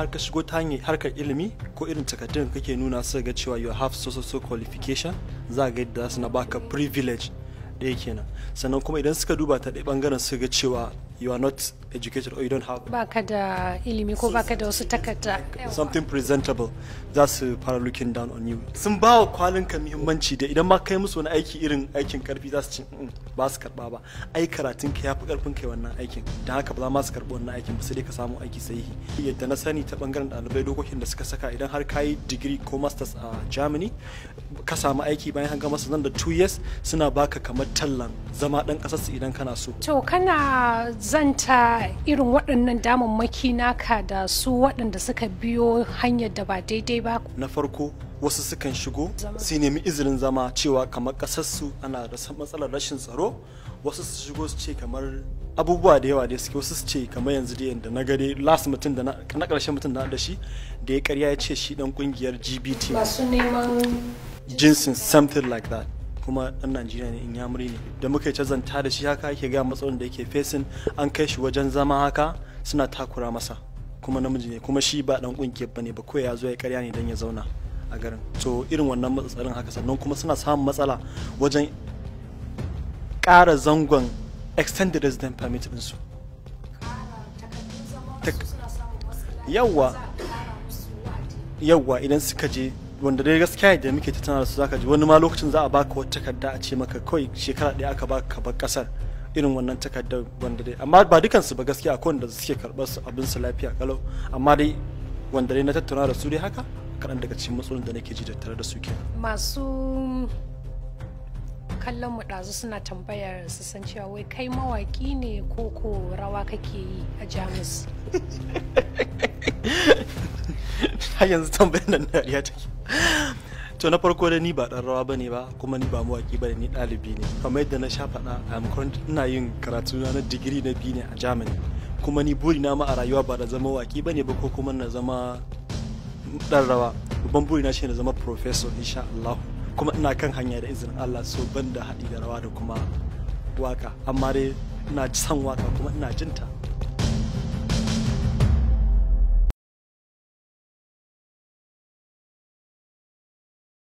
har ka shigo ta hanyar harkar ilimi ko irin takardun kake nuna su ga cewa you have so so so qualification za ga yadda su na baka privilege ɗaya kenan sannan kuma idan suka duba ta ɗaya bangaren su ga cewa you are not educated or you don't have ilimi ko baka da wasu takarda something presentable za su fara looking down on you sun ba wa kwalin ka muhimmanci da idan ma kai musu wani aiki irin aikin karfi za su ci mm, mm, ba su karba ba ai karatun ka yafi karfin kai wannan aikin dan haka ba za ma su karbi wannan aikin ba sai dai ka samu aiki sahihi yadda na sani ta bangaren ɗalibai dokokin da suka saka idan har kayi degree ko masters a Germany ka samu aiki bayan hanga masa nan da 2 years suna baka kamar tallan zama dan kasar su idan kana so to kana zanta irin waɗannan damammaki naka da su waɗanda suka biyo hanyar da ba daidai ba na farko wasu sukan shigo su nemi izinin zama cewa kamar ƙasarsu ana da matsalar rashin tsaro wasu su shigo su ce kamar abubuwa da yawa da suke wasu su ce kamar yanzu da yadda na gare last mutum da na ƙarshen mutum da shi da ya karya ya ce shi ɗan ƙungiyar gbt masu neman jinsin something like that kuma dan najeriya ne in yamuri ne da muka ta zanta da shi haka ake gaya matsalolin da yake fesin an kai shi wajen zama haka suna takura masa kuma namiji ne kuma shi ba dan ba ne ba kawai ya zo ya karya ne dan ya zauna a garin to irin wannan matsalolin haka sannan kuma suna samun matsala wajen ƙara zangon extended resident permit ɗinsu yawwa yawwa idan suka je wanda dai gaskiya da muke tana da su zaka ji wani ma lokacin za a baka wata takarda a ce maka kawai shekara ɗaya aka baka ka bar kasar irin wannan takarda wanda dai amma ba su ba gaskiya akwai wanda suke karɓar su abin su lafiya kalau amma dai wanda dai na tattauna da su dai haka kaɗan daga cikin matsalolin da nake ji da tare da su ke masu kallon mu ɗazu suna tambayar su san cewa wai kai mawaki ne ko ko rawa kake yi a jamus har yanzu tambayar nan dariya take to na farko da ni ba dan rawa bane ba kuma ni ba mawaki bane ni ɗalibi ne kamar yadda na sha faɗa ina yin karatu na na digiri na biyu ne a Germany kuma ni buri na ma a rayuwa ba da zama waki bane ba ko kuma na zama dan rawa babban buri na shi na zama professor insha Allah kuma ina kan hanya da izinin Allah so ban da haɗi da rawa da kuma waka amma dai ina son waka kuma ina jinta